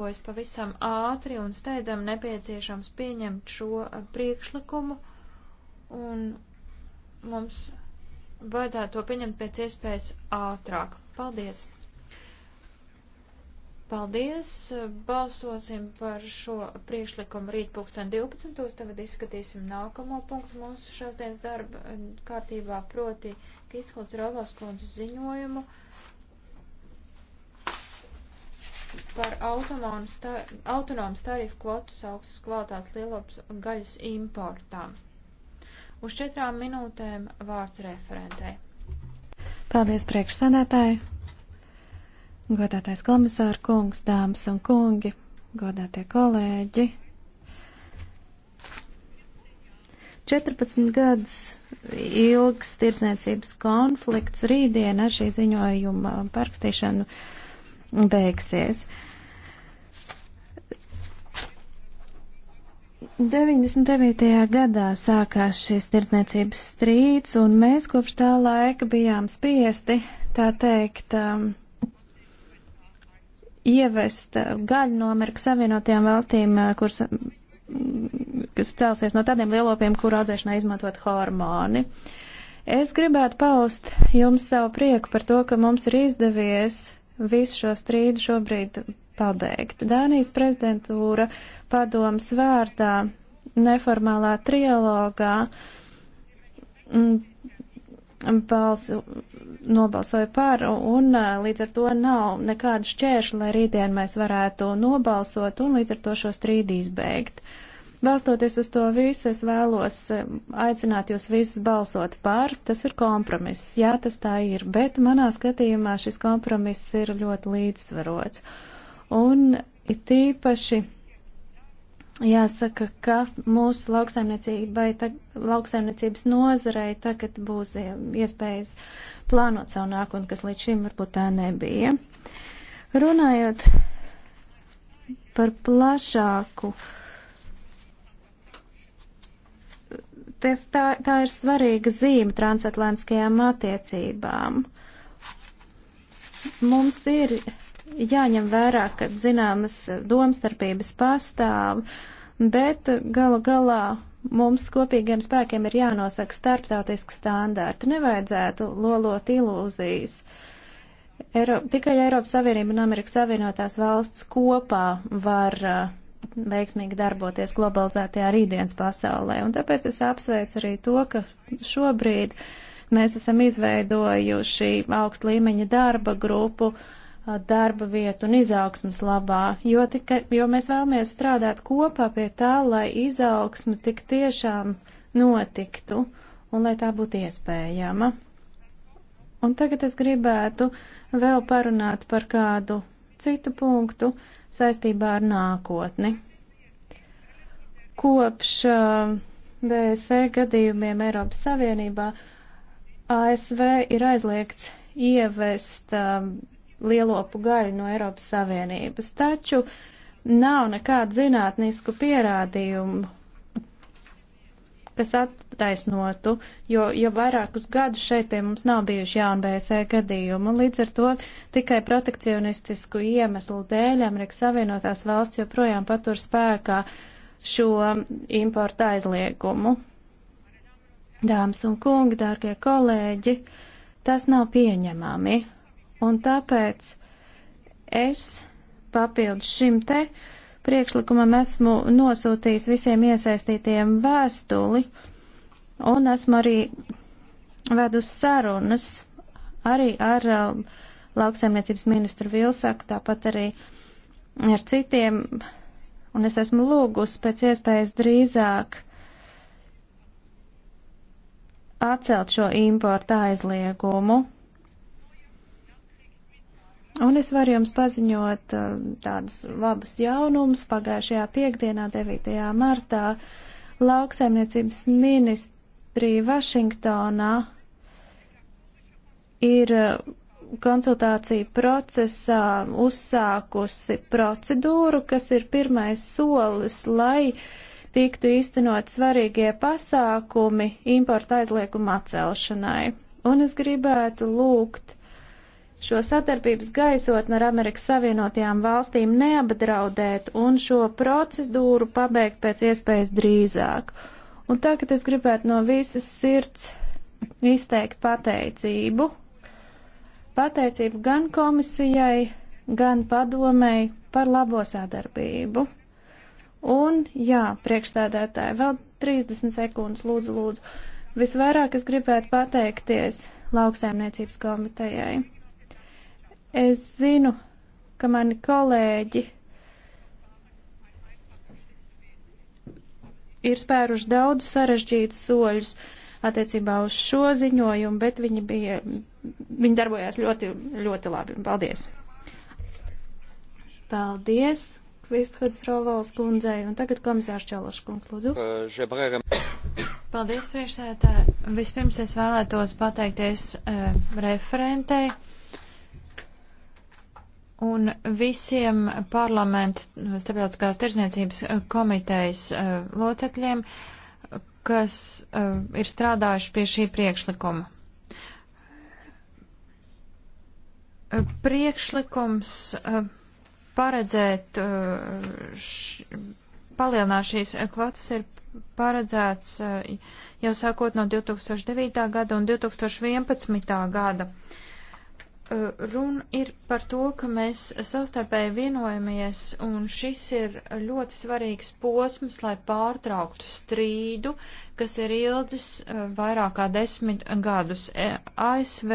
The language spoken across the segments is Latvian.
ko es pavisam ātri un steidzam nepieciešams pieņemt šo eh, priekšlikumu, un mums vajadzētu to pieņemt pēc iespējas ātrāk. Paldies! Paldies! Balsosim par šo priekšlikumu rīt pulksten 12. Tagad izskatīsim nākamo punktu mūsu šās dienas darba eh, kārtībā, proti Kīskunds Rovaskunds ziņojumu. par autonomas tarifu kvotas augstas kvalitātes lielopas gaļas importām. Uz četrām minūtēm vārds referentei. Paldies priekšsēdētāji, godātais komisāra kungs, dāmas un kungi, godātie kolēģi. 14 gadus ilgs tirsniecības konflikts rītdien ar šī ziņojuma parakstīšanu uh, beigsies. 99. gadā sākās šis tirdzniecības strīds, un mēs kopš tā laika bijām spiesti, tā teikt, um, ievest gaļu nomirku savienotajām valstīm, uh, kuras, kas celsies no tādiem lielopiem, kur audzēšanā izmantot hormoni. Es gribētu paust jums savu prieku par to, ka mums ir izdevies visu šo strīdu šobrīd pabeigt. Dānijas prezidentūra padomas vārdā neformālā trialogā mm, balsu nobalsoja par, un līdz ar to nav nekāda šķēršļa, lai rītdien mēs varētu nobalsot un līdz ar to šo strīdu izbeigt. Balstoties uz to visu, es vēlos eh, aicināt jūs visus balsot par. Tas ir kompromiss. Jā, tas tā ir, bet manā skatījumā šis kompromiss ir ļoti līdzsvarots. Un ir tīpaši jāsaka, ka mūsu lauksaimniecībai, lauksaimniecības nozarei tagad būs eh, iespējas plānot savu nākotni, kas līdz šim varbūt tā nebija. Runājot par plašāku uh, tas, tā, tā ir svarīga zīme transatlantiskajām attiecībām. Mums ir jāņem vērā, ka zināmas domstarpības pastāv, bet gala galā mums kopīgiem spēkiem ir jānosaka starptautiski standarti. Nevajadzētu lolot ilūzijas. Eiro, tikai Eiropas Savienība un Amerikas Savienotās valsts kopā var uh, veiksmīgi darboties globalizētajā rītdienas pasaulē. Un tāpēc es apsveicu arī to, ka šobrīd mēs esam izveidojuši augst līmeņa darba grupu darba vietu un izaugsmas labā, jo, tika, jo mēs vēlamies strādāt kopā pie tā, lai izaugsme tik tiešām notiktu un lai tā būtu iespējama. Un tagad es gribētu vēl parunāt par kādu citu punktu, uh, saistībā ar nākotni. Kopš uh, BSE gadījumiem Eiropas Savienībā ASV ir aizliegts ievest um, lielopu gaļu no Eiropas Savienības, taču nav nekādu zinātnisku pierādījumu kas attaisnotu, jo jau vairākus gadus šeit pie mums nav bijuši jaunu BSE gadījumu. Līdz ar to tikai protekcionistisku iemeslu dēļ Amerikas Savienotās valsts joprojām patur spēkā šo importu aizliegumu. Dāmas un kungi, dārgie kolēģi, tas nav pieņemami. Un tāpēc es papildus šim te uh, priekšlikumam esmu nosūtījis visiem iesaistītiem vēstuli un esmu arī vedus sarunas arī ar uh, lauksaimniecības ministru Vilsaku, tāpat arī ar citiem, un es esmu lūgus pēc iespējas drīzāk atcelt šo importu aizliegumu. Un es varu jums paziņot uh, tādus labus jaunumus. Pagājušajā piekdienā, 9. martā, lauksaimniecības ministrija Vašingtonā ir uh, konsultāciju procesā uzsākusi procedūru, kas ir pirmais solis, lai tiktu īstenot svarīgie pasākumi importa aizlieguma atcelšanai. Un es gribētu lūgt šo sadarbības gaisotni ar Amerikas Savienotajām valstīm neapdraudēt un šo procedūru pabeigt pēc iespējas drīzāk. Un tagad es gribētu no visas sirds izteikt pateicību. Pateicību gan komisijai, gan padomēji par labo sadarbību. Un, jā, priekšsēdētāji, vēl 30 sekundes, lūdzu, lūdzu. Visvairāk es gribētu pateikties lauksaimniecības komitejai. Es zinu, ka mani kolēģi ir spēruši daudz sarežģītu soļus attiecībā uz šo ziņojumu, bet viņi bija, viņi darbojās ļoti, ļoti labi. Paldies! Paldies, Kvistkods Rovols kundzei, un tagad komisārs Čelošs kungs, lūdzu. Paldies, priekšsētāji. Vispirms es vēlētos pateikties uh, referentei. Un visiem parlamenta starptautiskās tirzniecības komitejas eh, locekļiem, kas eh, ir strādājuši pie šī priekšlikuma. Eh, priekšlikums paredzēt, š, palielināt šīs kvotas ir paredzēts jau sākot no 2009. gada un 2011. gada. Eh, runa ir par to, ka mēs savstarpēji vienojamies, un šis ir ļoti svarīgs posms, lai pārtrauktu strīdu, kas ir ilgs eh, vairāk kā desmit gadus. E, ASV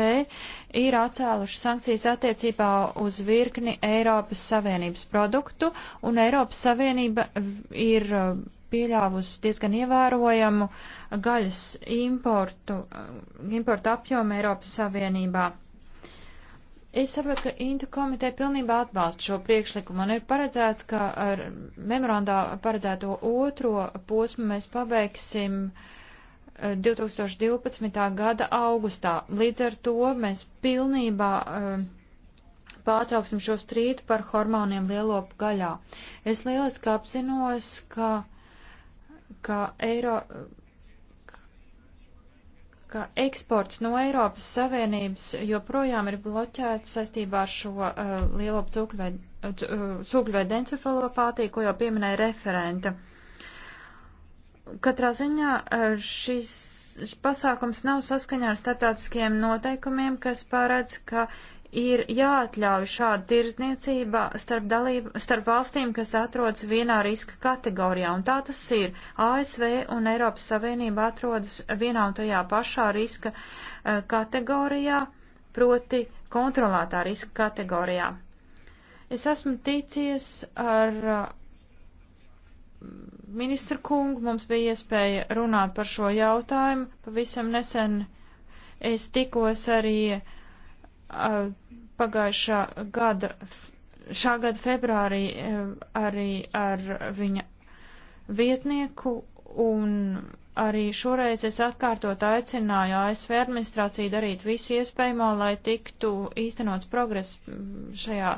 ir atcēluši sankcijas attiecībā uz virkni Eiropas Savienības produktu, un Eiropas Savienība ir eh, pieļāvusi diezgan ievērojamu gaļas importu, importu apjomu Eiropas Savienībā. Es saprotu, ka Intu komiteja pilnībā atbalsta šo priekšlikumu un ir paredzēts, ka ar memorandā paredzēto otro posmu mēs pabeigsim 2012. Eh, gada augustā. Līdz ar to mēs pilnībā uh, pārtrauksim šo strīdu par hormoniem lielopu gaļā. Es lieliski apzinos, ka, ka Eiro ka eksports no Eiropas Savienības joprojām ir bloķēts saistībā ar šo uh, lielo cūkļveidu uh, encefalopātiju, ko jau pieminēja referenta. Katrā ziņā uh, šis pasākums nav saskaņā ar starptautiskiem noteikumiem, kas paredz, ka ir jāatļauj šāda tirzniecība starp, dalību, starp valstīm, kas atrodas vienā riska kategorijā, un tā tas ir. ASV un Eiropas Savienība atrodas vienā un tajā pašā riska uh, kategorijā, proti kontrolētā riska kategorijā. Es esmu ticies ar uh, ministru kungu, mums bija iespēja runāt par šo jautājumu. Pavisam nesen es tikos arī uh, Uh, pagājušā gada, šā gada februārī uh, arī ar viņa vietnieku un arī šoreiz es atkārtot aicināju ASV administrāciju darīt visu iespējamo, lai tiktu īstenots progress šajā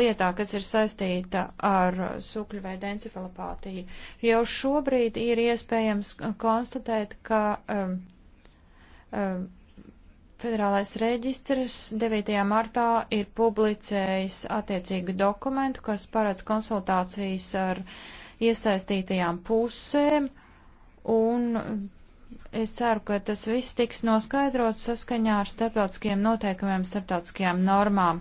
lietā, kas ir saistīta ar sukļu vai dencefalopātiju. Jau šobrīd ir iespējams konstatēt, ka um, um, Federālais reģistrs 9. martā ir publicējis attiecīgu dokumentu, kas paredz konsultācijas ar iesaistītajām pusēm, un es ceru, ka tas viss tiks noskaidrots saskaņā ar starptautiskiem noteikumiem, starptautiskajām normām.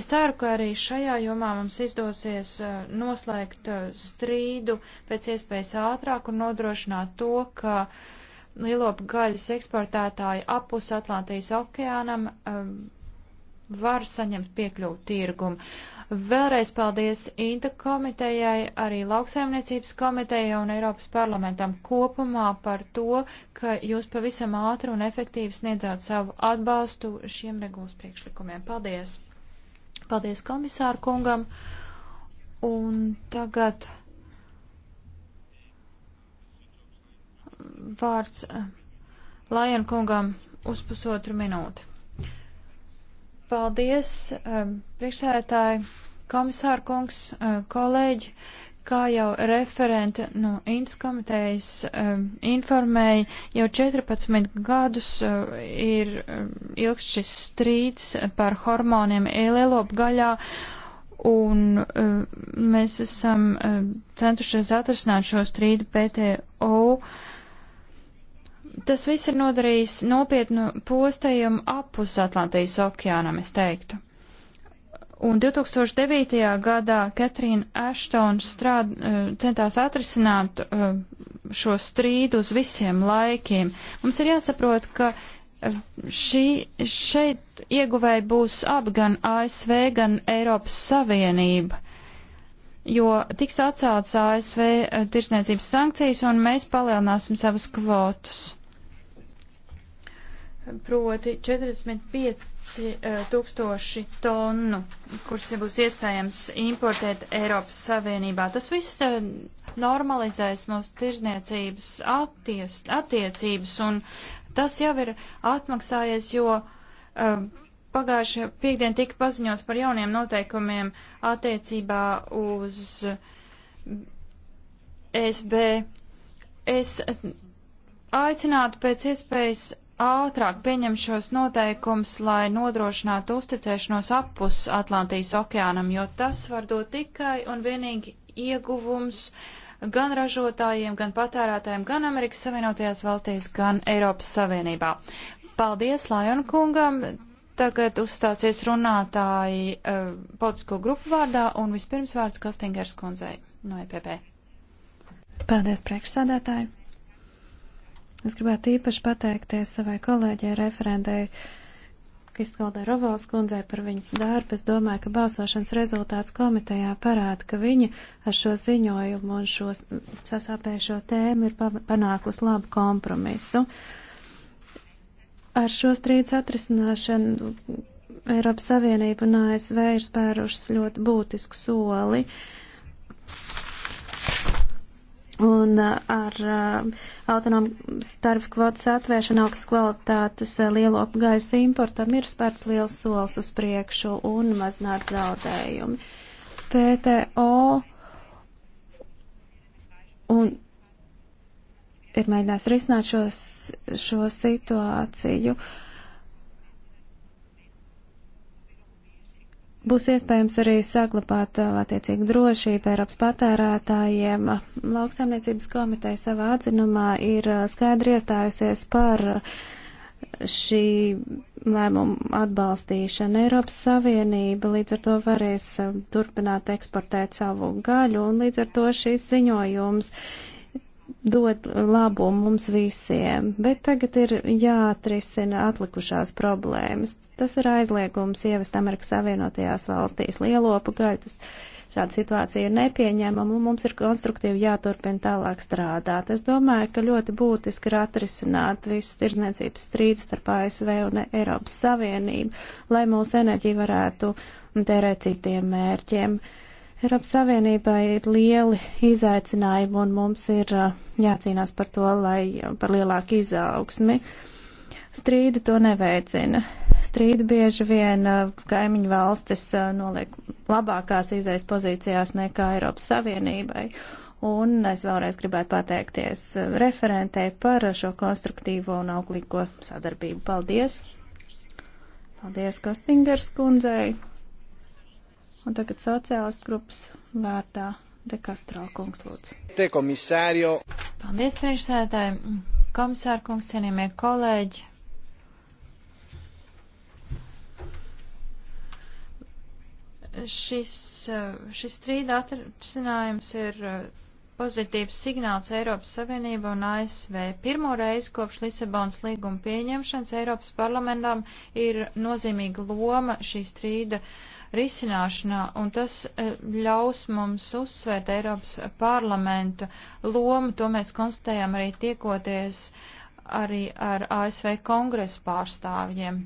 Es ceru, ka arī šajā jomā mums izdosies uh, noslēgt uh, strīdu pēc iespējas ātrāk un nodrošināt to, ka uh, lielopu gaļas eksportētāji apus Atlantijas okeānam um, var saņemt piekļuvu tirgumu. Vēlreiz paldies Inta komitejai, arī lauksaimniecības komitejai un Eiropas parlamentam kopumā par to, ka jūs pavisam ātri un efektīvi sniedzāt savu atbalstu šiem regulas priekšlikumiem. Paldies! Paldies komisāru kungam! Un tagad. vārds eh, Lajan kungam uz pusotru minūti. Paldies, eh, priekšsētāji, komisāra kungs, eh, kolēģi kā jau referente no nu, Intas komitejas um, informēja, jau 14 gadus uh, ir um, ilgs šis strīds par hormoniem ēlēlopgaļā, un uh, mēs esam uh, centušies atrisināt šo strīdu PTO Tas viss ir nodarījis nopietnu postējumu apus Atlantijas okeānam, es teiktu. Un 2009. gadā Katrīna Ashtons strād, eh, centās atrisināt eh, šo strīdu uz visiem laikiem. Mums ir jāsaprot, ka eh, šī, šeit ieguvēja būs abi gan ASV, gan Eiropas Savienība jo tiks atceltas ASV tirsniecības sankcijas un mēs palielināsim savus kvotus proti 45 eh, tūkstoši tonu, kuras būs iespējams importēt Eiropas Savienībā. Tas viss eh, normalizēs mūsu tirzniecības atties, attiecības, un tas jau ir atmaksājies, jo eh, pagājušajā piekdien tika paziņots par jauniem noteikumiem attiecībā uz SB. Es aicinātu pēc iespējas ātrāk pieņem šos noteikums, lai nodrošinātu uzticēšanos apus Atlantijas okeānam, jo tas var dot tikai un vienīgi ieguvums gan ražotājiem, gan patērētājiem, gan Amerikas Savienotajās valstīs, gan Eiropas Savienībā. Paldies Lajona kungam! Tagad uzstāsies runātāji uh, politisko grupu vārdā un vispirms vārds Kostingers kundzei no EPP. Paldies, priekšsādātāji! Es gribētu īpaši pateikties savai kolēģei referendēji Kristaldai Rovals kundzei par viņas darbu. Es domāju, ka balsošanas rezultāts komitejā parāda, ka viņa ar šo ziņojumu un šo sasāpējušo tēmu ir panākusi labu kompromisu. Ar šo strīdus atrisināšanu Eiropas Savienība un ASV ir spērušas ļoti būtisku soli. Un uh, ar uh, autonomas tarifu kvotas atvēršanu augstas kvalitātes uh, lielo gaisa importam ir spērts liels solis uz priekšu un mazināt zaudējumi. PTO un ir mēģinājis risināt šos, šo situāciju. Uh, būs iespējams arī saglabāt uh, attiecīgi drošību Eiropas patērētājiem. Lauksaimniecības komiteja savā atzinumā ir uh, skaidri iestājusies par uh, šī lēmuma atbalstīšanu. Eiropas Savienība līdz ar to varēs turpināt eksportēt savu gaļu, un līdz ar to šis ziņojums dod labumu mums visiem, bet tagad ir jāatrisina atlikušās problēmas. Tas ir aizliegums ievest Amerikas Savienotajās valstīs lielopu gaļu. Šāda situācija ir nepieņemama un mums ir konstruktīvi jāturpina tālāk strādāt. Es domāju, ka ļoti būtiski ir atrisināt visus tirdzniecības strīdus starp ASV un Eiropas Savienību, lai mūsu enerģija varētu tērēt citiem mērķiem. Uh, Eiropas Savienībai ir lieli izaicinājumi un mums ir jācīnās par to, lai par lielāku izaugsmi. Strīdi to neveicina. Strīdi bieži vien kaimiņu valstis noliek labākās izaisa pozīcijās nekā Eiropas Savienībai. Un es vēlreiz gribētu pateikties referentē par šo konstruktīvo un auglīgo sadarbību. Paldies! Paldies Kostingers kundzei! Un tagad sociālistu grupas vārdā Dekastro kungs lūdzu. Te komisārio. Paldies priekšsēdētāji. Komisāra kungs, cienījamie kolēģi. Šis, eh, šis strīda atrisinājums ir eh, pozitīvs signāls Eiropas Savienība un ASV. Pirmo reizi kopš Lisabonas līguma pieņemšanas Eiropas parlamentam ir nozīmīga loma šī strīda uh, risināšanā, un tas e, ļaus mums uzsvērt Eiropas parlamenta lomu. To mēs konstatējām arī tiekoties arī ar ASV kongresa pārstāvjiem.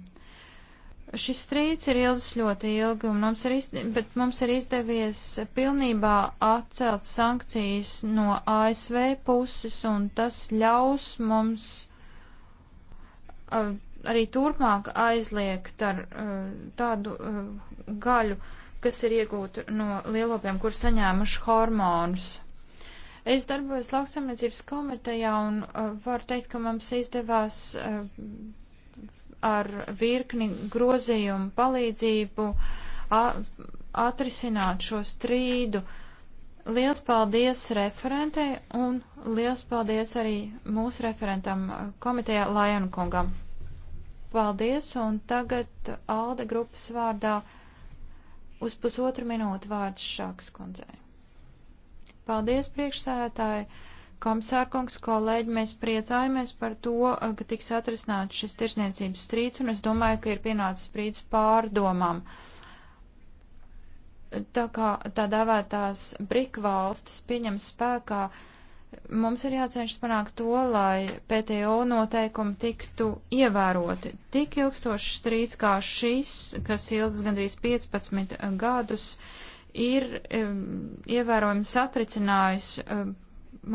Šis strīds ir ilgs ļoti ilgi, un mums ir, izdevies, bet mums ir izdevies pilnībā atcelt sankcijas no ASV puses, un tas ļaus mums uh, arī turpmāk aizliegt ar uh, tādu uh, gaļu, kas ir iegūta no lielopiem, kur saņēmuši hormonus. Es darbojos lauksaimniecības komitejā un uh, varu teikt, ka mums izdevās uh, ar virkni grozījumu palīdzību atrisināt šo strīdu. Liels paldies referentei un liels paldies arī mūsu referentam uh, komitejā Lajonkungam. Paldies, un tagad Alde grupas vārdā uz pusotru minūtu vārds Šāks kundzei. Paldies, priekšsēdētāji! Komisārkungs, kolēģi, mēs priecājamies par to, ka tiks atrisināts šis tirsniecības strīds, un es domāju, ka ir pienācis strīds pārdomām. Tā kā tā dēvētās brikvalstis pieņem spēkā uh, Mums ir jācenšas panākt to, lai PTO noteikumi tiktu ievēroti. Tik ilgstošs strīds kā šis, kas ilgs gandrīz 15 gadus, ir um, ievērojami satricinājis um,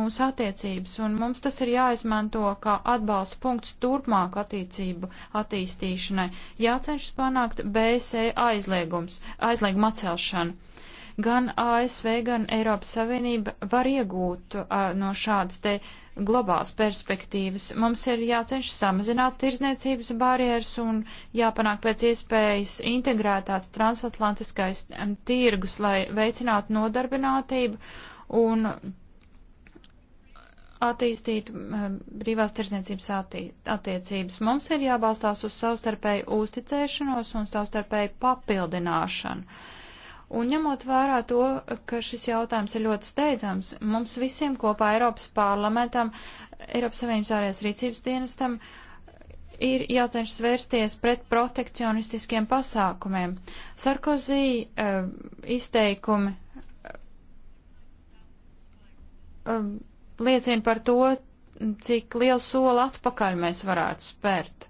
mūsu attiecības, un mums tas ir jāizmanto kā atbalsta punkts turpmāku attīstību attīstīšanai. Jācenšas panākt BSE aizliegums, aizliegumu atcelšanu gan ASV, gan Eiropas Savienība var iegūt uh, no šādas te globālas perspektīvas. Mums ir jācenšas samazināt tirzniecības barjeras un jāpanāk pēc iespējas integrētāts transatlantiskais tirgus, lai veicinātu nodarbinātību un attīstītu brīvās tirzniecības attī attiecības. Mums ir jābalstās uz savstarpēju uzticēšanos un savstarpēju papildināšanu. Uh, Un ņemot vērā to, ka šis jautājums ir ļoti steidzams, mums visiem kopā Eiropas parlamentam, Eiropas Savienības ārējās rīcības dienestam ir jācenšas vērsties pret protekcionistiskiem pasākumiem. Sarkozī uh, izteikumi uh, liecina par to, cik lielu soli atpakaļ mēs varētu spērt.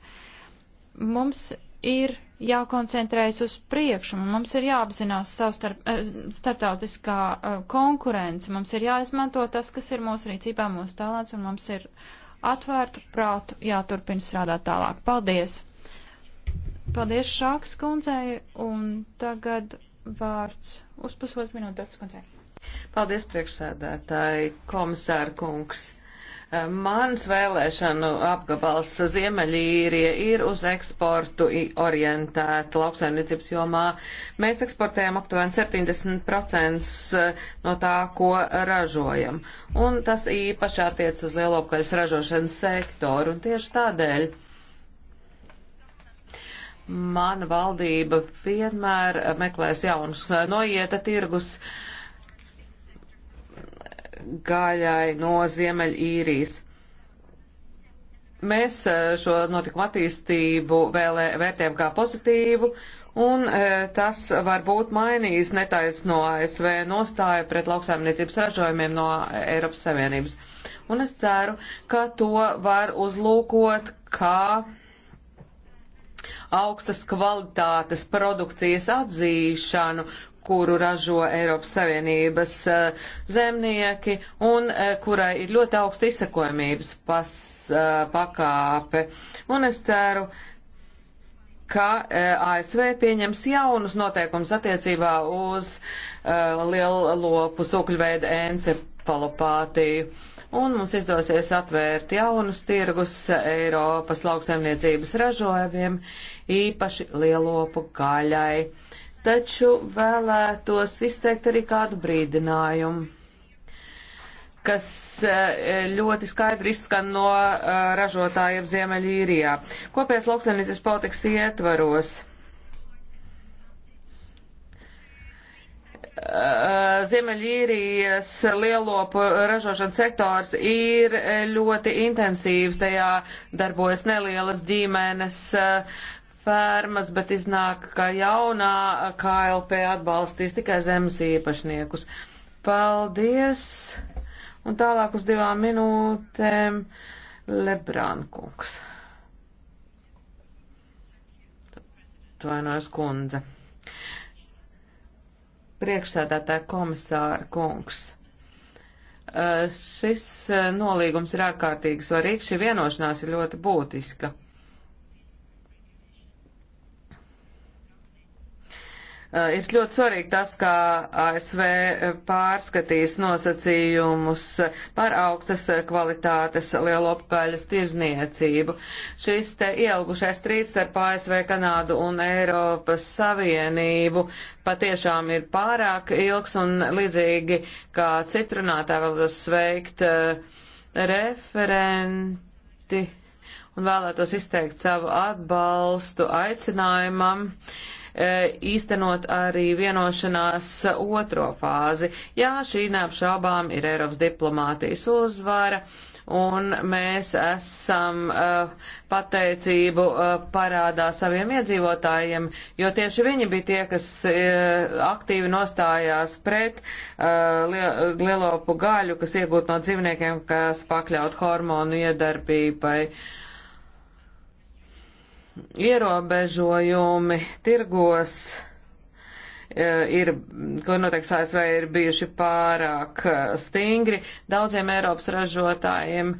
Mums ir jākoncentrējas uz priekšu, un mums ir jāapzinās savu starp, eh, starptautiskā eh, konkurence, mums ir jāizmanto tas, kas ir mūsu rīcībā, mūsu talants, un mums ir atvērtu prātu jāturpina strādāt tālāk. Paldies! Paldies Šāks kundzei, un tagad vārds uz pusotru minūtu Dots kundzei. Paldies priekšsēdētāji, komisāra kungs. Mans vēlēšanu apgabals Ziemeļīrija ir uz eksportu orientēta lauksaimniecības jomā. Mēs eksportējam aptuveni 70% eh, no tā, ko ražojam. Un tas īpaši attiec uz lielopkaļas ražošanas sektoru. Un tieši tādēļ mana valdība vienmēr meklēs jaunus eh, noieta tirgus. Uh, gaļai no Ziemeļīrijas. Mēs eh, šo notikumu attīstību vēlē, vērtējam kā pozitīvu, un eh, tas varbūt mainīs netaisno ASV nostāju pret lauksaimniecības ražojumiem no Eiropas Savienības. Un es ceru, ka to var uzlūkot kā augstas kvalitātes produkcijas atzīšanu, kuru ražo Eiropas Savienības eh, zemnieki un eh, kurai ir ļoti augsta izsakojamības pas, eh, pakāpe. Un es ceru, ka ASV pieņems jaunus noteikumus attiecībā uz liellopu sūkļveida encepalopātiju un mums izdosies atvērt jaunus tirgus Eiropas lauksaimniecības ražojumiem, īpaši lielopu gaļai taču vēlētos izteikt arī kādu brīdinājumu, kas e, ļoti skaidri izskan no e, ražotājiem Ziemeļīrijā. Kopējais lauksainīcības politikas ietvaros. E, Ziemeļīrijas lielopu ražošanas sektors ir ļoti intensīvs, tajā darbojas nelielas ģimenes, fermas, bet iznāk, ka jaunā KLP atbalstīs tikai zemes īpašniekus. Paldies! Un tālāk uz divām minūtēm Lebrānkungs. Atvainojas kundze. Priekšsēdētāja komisāra kungs. Šis nolīgums ir ārkārtīgi svarīgs, šī vienošanās ir ļoti būtiska. Eh, ir ļoti svarīgi tas, kā ASV pārskatīs nosacījumus par augstas kvalitātes lielopgaļas tirzniecību. Šis te ielgušais strīds starp ASV, Kanādu un Eiropas Savienību patiešām ir pārāk ilgs un līdzīgi kā citrunātā vēlos sveikt eh, referenti un vēlētos izteikt savu atbalstu aicinājumam. Uh, E, īstenot arī vienošanās otro fāzi. Jā, šī neapšaubām ir Eiropas diplomātijas uzvara un mēs esam uh, pateicību uh, parādā saviem iedzīvotājiem, jo tieši viņi bija tie, kas uh, aktīvi nostājās pret lielopu gaļu, kas iegūt no dzīvniekiem, kas pakļaut hormonu iedarbībai. Uh, ierobežojumi tirgos e, ir, ko noteiks ASV, ir bijuši pārāk e, stingri daudziem Eiropas ražotājiem,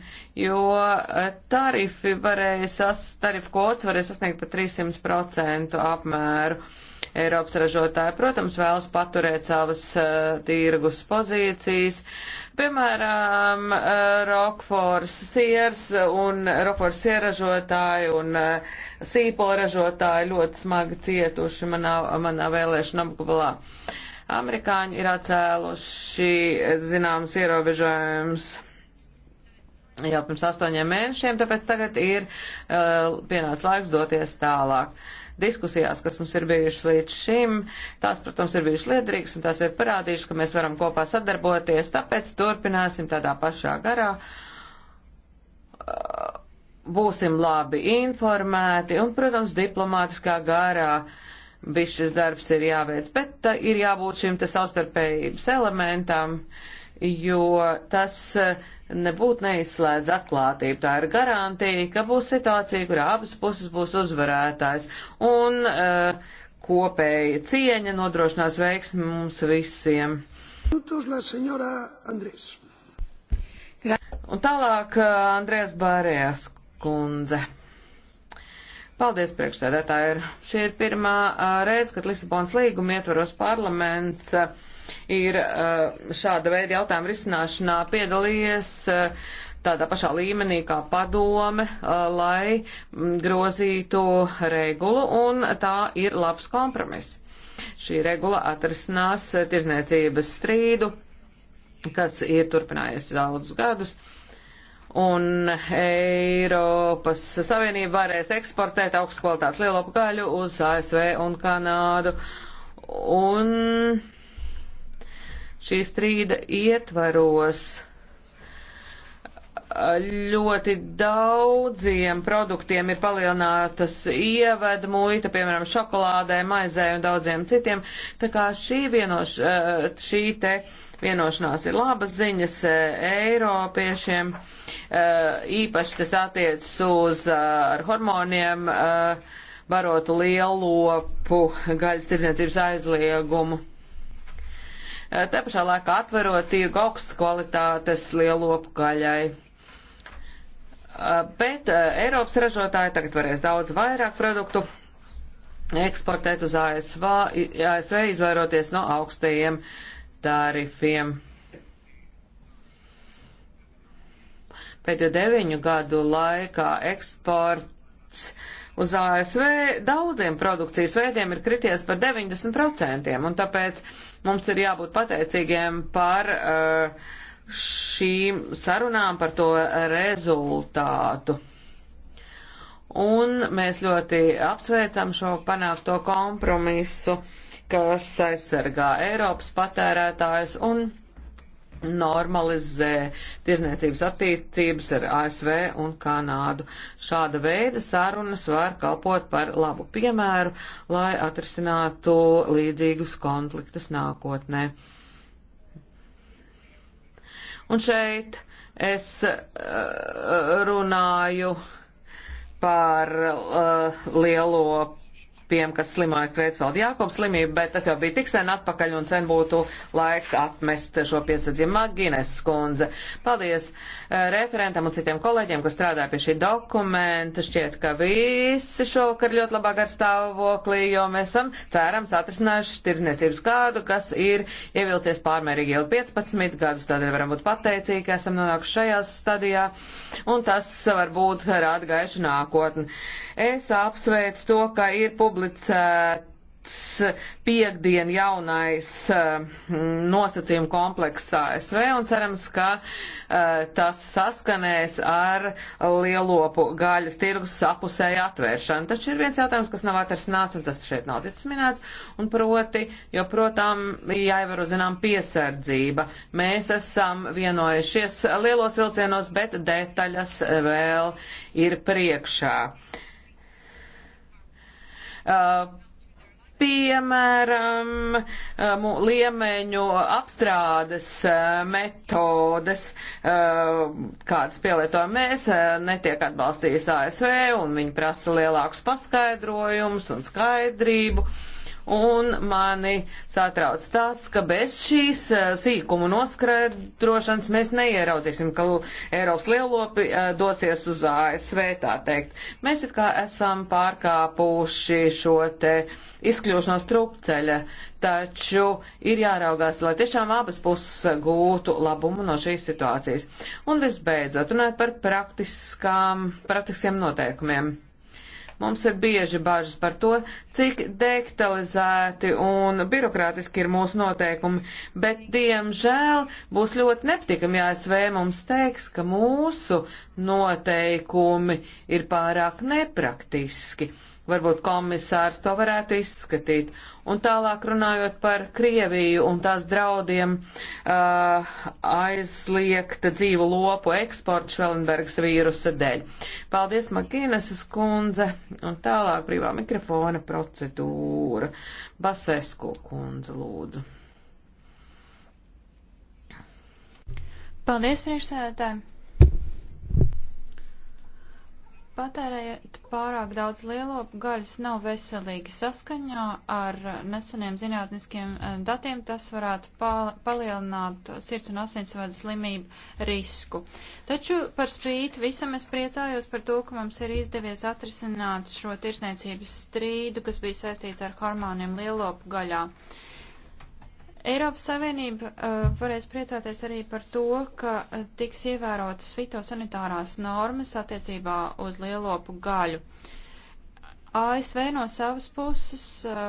jo e, tarifi varēja sas, tarifu kods varēja sasniegt pat 300% apmēru. Uh, Eiropas ražotāji, protams, vēlas paturēt savas uh, tirgus pozīcijas. Piemēram, uh, eh, Rokfors siers un eh, Rokfors sieražotāji un uh, sīpola ražotāji ļoti smagi cietuši manā, manā vēlēšana apgabalā. Amerikāņi ir atcēluši zināmas ierobežojumus jau pirms astoņiem mēnešiem, tāpēc tagad ir uh, pienācis laiks doties tālāk. Uh, diskusijās, kas mums ir bijušas līdz šim, tās, protams, ir bijušas liederīgas un tās ir parādījušas, ka mēs varam kopā sadarboties, tāpēc turpināsim tādā pašā garā. Būsim labi informēti un, protams, diplomātiskā garā viss šis darbs ir jāveic, bet uh, ir jābūt šim te savstarpējības elementam. Uh, jo tas eh, nebūtu neizslēdz atklātību. Tā ir garantija, ka būs situācija, kurā abas puses būs uzvarētājs. Un uh, kopēja cieņa nodrošinās veiksmi mums visiem. Un tālāk eh, Andrēs Bārējās kundze. Paldies, priekšsēdētāji. Šī ir pirmā reize, kad Lisabonas līguma ietvaros parlaments ir šāda veida jautājuma risināšanā piedalījies tādā pašā līmenī kā padome, lai grozītu regulu, un tā ir labs kompromiss. Šī regula atrisinās tirzniecības strīdu, kas ir turpinājies daudzus gadus. Uh, un Eiropas Savienība varēs eksportēt augstu kvalitātes lielopu gaļu uz ASV un Kanādu. Un šī strīda ietvaros ļoti daudziem produktiem ir palielinātas ieved muita, piemēram, šokolādē, maizē un daudziem citiem. Tā kā šī vienoš, eh, šī te uh, Vienošanās ir labas ziņas e, Eiropiešiem, e, īpaši tas attiecas uz e, ar hormoniem barotu lielopu gaļas tirdzniecības aizliegumu. Te pašā laikā atverot tirgu augsts kvalitātes lielopu gaļai. Bet Eiropas ražotāji tagad varēs daudz vairāk produktu eksportēt uz ASV, ASV izvairoties no augstajiem uh, tarifiem. Pēdējo deviņu gadu laikā eksports uz ASV daudziem produkcijas veidiem ir krities par 90%, un tāpēc mums ir jābūt pateicīgiem par uh, šīm sarunām, par to rezultātu. Un mēs ļoti apsveicam šo panākto kompromisu. Uh, kas aizsargā Eiropas patērētājus un normalizē tirzniecības attiecības ar ASV un Kanādu. Šāda veida sarunas var kalpot par labu piemēru, lai atrisinātu līdzīgus konfliktus nākotnē. Un šeit es eh, runāju par uh, lielo tiem, kas slimoja Kreisvalda Jākobs slimību, bet tas jau bija tik sen atpakaļ un sen būtu laiks atmest šo piesadzību Magines skundze. Paldies eh, referentam un citiem kolēģiem, kas strādāja pie šī dokumenta. Šķiet, ka visi šovakar ļoti labā gar stāvoklī, jo mēs esam cerams atrisinājuši tirzniecības kādu, kas ir ievilcies pārmērīgi jau 15 gadus, tādēļ varam būt pateicīgi, ka esam nonākuši šajā stadijā, un tas varbūt rāda gaišu nākotni. Es apsveicu to, ka ir publiski publicēts piekdien jaunais eh, nosacījumu komplekss ASV un cerams, ka eh, tas saskanēs ar lielopu gaļas tirgus sapusēju atvēršanu. Taču ir viens jautājums, kas nav atrasināts, un tas šeit nav ticis minēts, un proti, jo, protām, jāievēro zinām piesardzība. Mēs esam vienojušies lielos vilcienos, bet detaļas vēl ir priekšā. Uh, Uh, piemēram, uh, liemeņu apstrādes uh, metodes, kādas pielietojam mēs, netiek atbalstītas ASV un viņi prasa lielākus paskaidrojumus un skaidrību. Uh, un mani satrauc tas, ka bez šīs eh, sīkumu noskrēdrošanas mēs neieraudzīsim, ka Eiropas lielopi eh, dosies uz ASV, tā teikt. Mēs it kā esam pārkāpuši šo te izkļūšanos trupceļa, taču ir jāraugās, lai tiešām abas puses gūtu labumu no šīs situācijas. Un visbeidzot, runāt par praktiskām, praktiskiem noteikumiem Mums ir bieži bažas par to, cik detalizēti un birokrātiski ir mūsu noteikumi, bet, diemžēl, būs ļoti nepatikami, ja ASV mums teiks, ka mūsu noteikumi ir pārāk nepraktiski. Varbūt komisārs to varētu izskatīt. Un tālāk runājot par Krieviju un tās draudiem uh, aizliegta dzīvu lopu eksporta Švelenbergs vīrusa dēļ. Paldies, Makīneses kundze. Un tālāk brīvā mikrofona procedūra. Basesko kundze, lūdzu. Paldies, priekšsēdētāji. Patērēt pārāk daudz lielopu gaļas nav veselīgi saskaņā ar neseniem zinātniskiem eh, datiem. Tas varētu palielināt sirds un asinsvadu slimību risku. Taču par spīti visam es priecājos par to, ka mums ir izdevies atrisināt šo tirsniecības strīdu, kas bija saistīts ar hormoniem lielopu gaļā. Uh, Eiropas Savienība uh, varēs priecāties arī par to, ka uh, tiks ievērotas fitosanitārās normas attiecībā uz lielopu gaļu. ASV no savas puses uh,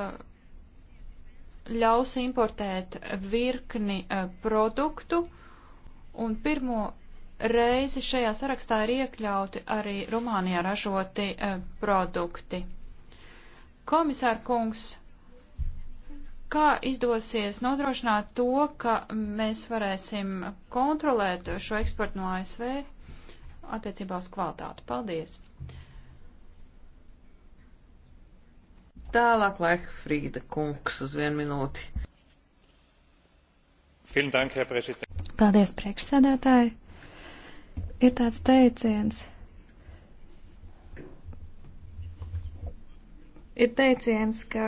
ļaus importēt virkni uh, produktu, un pirmo reizi šajā sarakstā ir iekļauti arī Rumānijā ražoti uh, produkti. Komisārkungs kā izdosies nodrošināt to, ka mēs varēsim kontrolēt šo eksportu no ASV attiecībā uz kvalitāti. Paldies! Tālāk laika Frīda kungs uz vienu minūti. Dank, Paldies, priekšsēdētāji! Ir tāds teiciens, ir teiciens, ka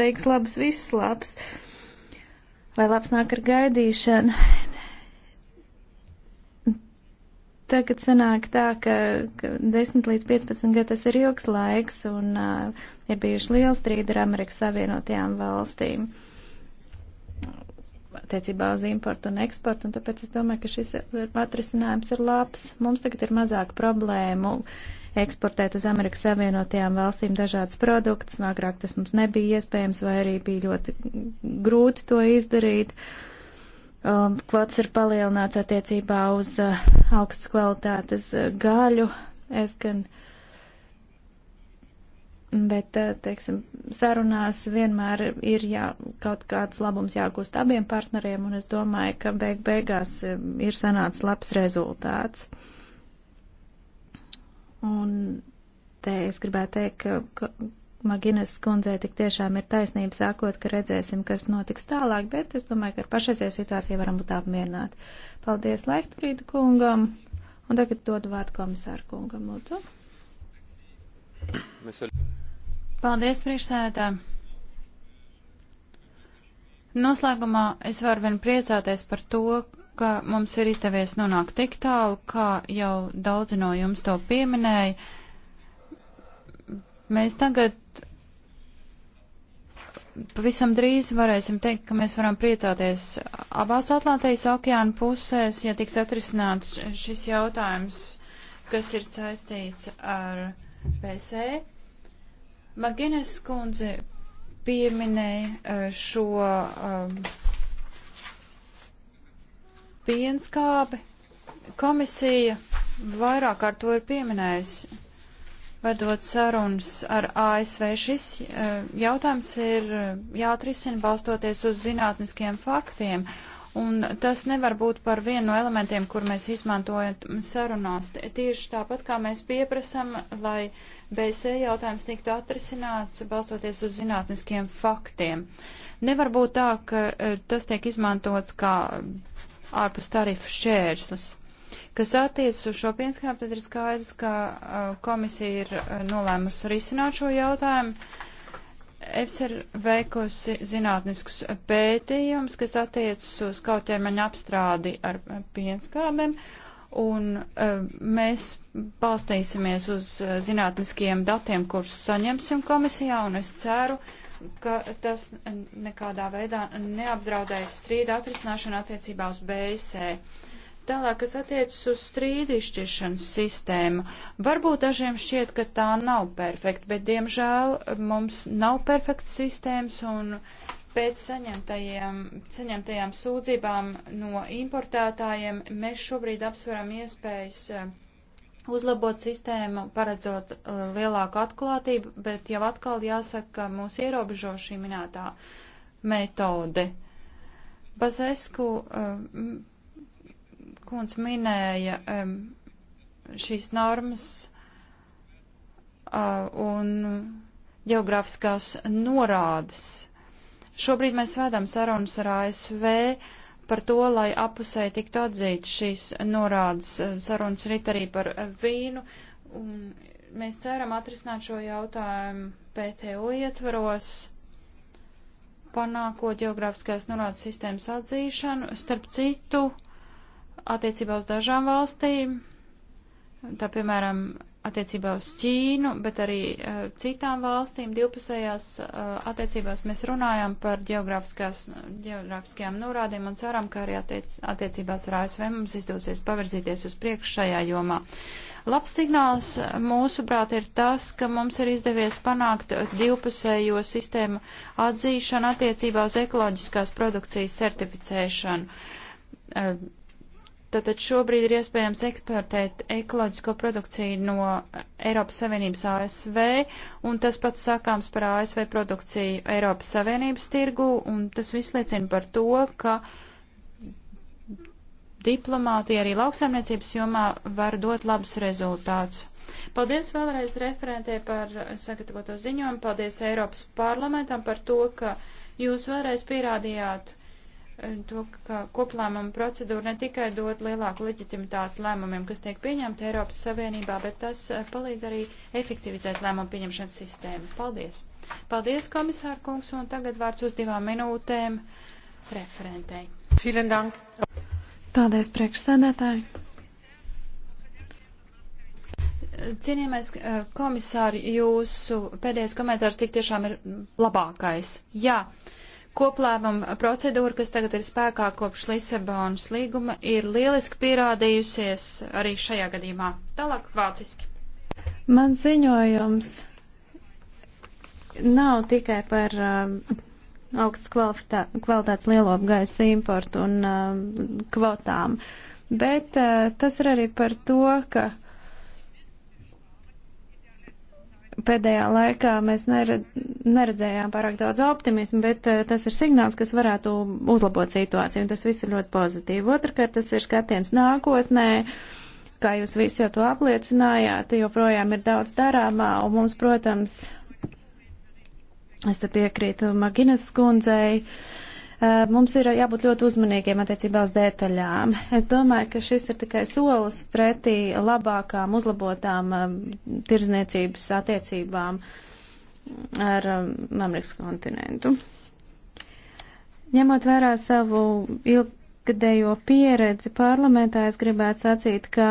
beigas labas viss labs, vai labs nāk ar gaidīšanu. Tagad sanāk tā, ka, ka 10 līdz 15 gadi tas ir ilgs laiks un uh, ir bijuši liels strīdi ar Amerikas Savienotajām valstīm. Uh, attiecībā uz importu un eksportu, un tāpēc es domāju, ka šis atrisinājums ir labs. Mums tagad ir mazāk problēmu eksportēt uz Amerikas Savienotajām valstīm dažādas produktus, un agrāk tas mums nebija iespējams, vai arī bija ļoti grūti to izdarīt. Um, kvots ir palielināts attiecībā uz uh, augstas kvalitātes uh, gaļu. Es gan uh, bet, eh, teiksim, sarunās vienmēr ir jā, kaut kāds labums jāgūst abiem partneriem, un es domāju, ka beig beigās eh, ir sanācis labs rezultāts. Un te es gribētu teikt, ka, ka Maginas skundzē tik tiešām ir taisnība sākot, ka redzēsim, kas notiks tālāk, bet es domāju, ka ar pašreizēju situāciju varam būt apmierināti. Paldies Leichtfrīda kungam, un tagad dodu vārdu komisāru kungam, lūdzu. Mēs... Paldies, priekšsēdētā. Noslēgumā es varu vien priecāties par to, ka mums ir izdevies nonākt tik tālu, kā jau daudzi no jums to pieminēja. Mēs tagad pavisam drīz varēsim teikt, ka mēs varam priecāties abās Atlantijas okeāna pusēs, ja tiks atrisināts šis jautājums, kas ir saistīts ar PSE. Magines kundze pieminēja eh, šo um, pienskābi. Komisija vairāk kārt to ir pieminējusi. Vedot sarunas ar ASV, šis eh, jautājums ir eh, jāatrisina balstoties uz zinātniskiem faktiem, un tas nevar būt par vienu no elementiem, kur mēs izmantojam sarunās. Tieši tāpat kā mēs pieprasam, lai uh, BSE jautājums tiktu atrisināts balstoties uz zinātniskiem faktiem. Nevar būt tā, ka e, tas tiek izmantots kā ārpus tarifu šķērslis. Kas attiecas uz šo pienskāpu, tad ir skaidrs, ka e, komisija ir e, nolēmusi risināt šo jautājumu. EFS ir veikusi zinātniskus pētījumus, kas attiecas uz kautiermeņa apstrādi ar pienskābēm, un uh, mēs balstīsimies uz e, zinātniskiem datiem, kurus saņemsim komisijā, un es ceru, ka tas nekādā veidā neapdraudēs strīdu atrisināšanu attiecībā uz BSE. Tālāk, kas attiecas uz strīdu izšķiršanas sistēmu, varbūt dažiem šķiet, ka tā nav perfekta, bet diemžēl mums nav perfekts sistēmas un uh, Pēc saņemtajām sūdzībām no importētājiem mēs šobrīd apsveram iespējas eh, uzlabot sistēmu, paredzot uh, lielāku atklātību, bet jau atkal jāsaka, ka mūs ierobežo šī minētā metode. Bazesku um, eh, kundz minēja um, šīs normas uh, un geogrāfiskās norādes. Šobrīd mēs vedam sarunas ar ASV par to, lai apusē tiktu atzīts šīs norādes. Sarunas rit arī par vīnu. Un mēs ceram atrisināt šo jautājumu PTO ietvaros, panākot geogrāfiskās norādes sistēmas atzīšanu. Starp citu, attiecībā uz dažām valstīm, tā piemēram attiecībā uz Ķīnu, bet arī uh, citām valstīm divpusējās uh, attiecībās mēs runājam par geogrāfiskajām norādēm un ceram, ka arī attiec, attiecībās ar ASV mums izdosies pavirzīties uz priekšu šajā jomā. Labs signāls eh, mūsuprāt ir tas, ka mums ir izdevies panākt divpusējo sistēmu atzīšanu attiecībā uz ekoloģiskās produkcijas certificēšanu. Uh, Tātad šobrīd ir iespējams eksportēt ekoloģisko produkciju no Eiropas Savienības ASV, un tas pats sakāms par ASV produkciju Eiropas Savienības tirgu, un tas viss liecina par to, ka diplomātija arī lauksaimniecības jomā var dot labus rezultātus. Paldies vēlreiz referentē par sagatavoto ziņojumu, paldies Eiropas parlamentam par to, ka jūs vēlreiz pierādījāt to, ka koplēmuma procedūra ne tikai dod lielāku leģitimitāti lēmumiem, kas tiek pieņemti Eiropas Savienībā, bet tas eh, palīdz arī efektivizēt lēmumu pieņemšanas sistēmu. Paldies! Paldies, komisāra kungs, un tagad vārds uz divām minūtēm referentei. Paldies, priekšsēdētāji! Cienījamais eh, komisāri, jūsu pēdējais komentārs tik tiešām ir labākais. Jā. Uh, Koplēmuma procedūra, kas tagad ir spēkā kopš Lisabonas līguma, ir lieliski pierādījusies arī šajā gadījumā. Tālāk vāciski. Man ziņojums nav tikai par um, augstas kvalitā, kvalitātes lielo gaisa importu un um, kvotām, bet uh, tas ir arī par to, ka pēdējā laikā mēs nered, neredzējām pārāk daudz optimismu, bet eh, tas ir signāls, kas varētu uzlabot situāciju, un tas viss ir ļoti pozitīvi. Otrakārt, tas ir skatiens nākotnē. Kā jūs visi jau to apliecinājāt, joprojām ir daudz darāmā, un mums, protams, es te piekrītu Maginas skundzei, uh, Eh, mums ir jābūt ļoti uzmanīgiem attiecībā uz detaļām. Es domāju, ka šis ir tikai solis pretī labākām, uzlabotām eh, tirzniecības attiecībām ar eh, Amerikas kontinentu. Ņemot vērā savu ilgadējo pieredzi parlamentā, es gribētu sacīt, ka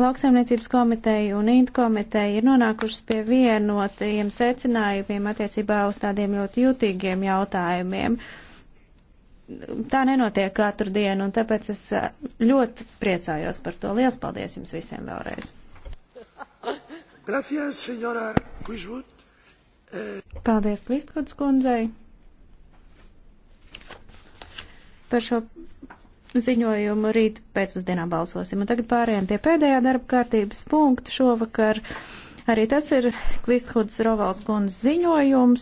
lauksaimniecības komiteja un int komiteja ir nonākušas pie vienotiem secinājumiem attiecībā uz tādiem ļoti jūtīgiem jautājumiem. Uh, tā nenotiek katru dienu, un tāpēc es eh, ļoti priecājos par to. Lielas paldies jums visiem vēlreiz! Gracias, senora Quiswood. Eh, paldies Kvistkots kundzei par šo ziņojumu. Rīt pēcpusdienā balsosim. Un tagad pārējām pie pēdējā darba kārtības punkta šovakar. Arī tas ir Kvistkots Rovals kundzes ziņojums.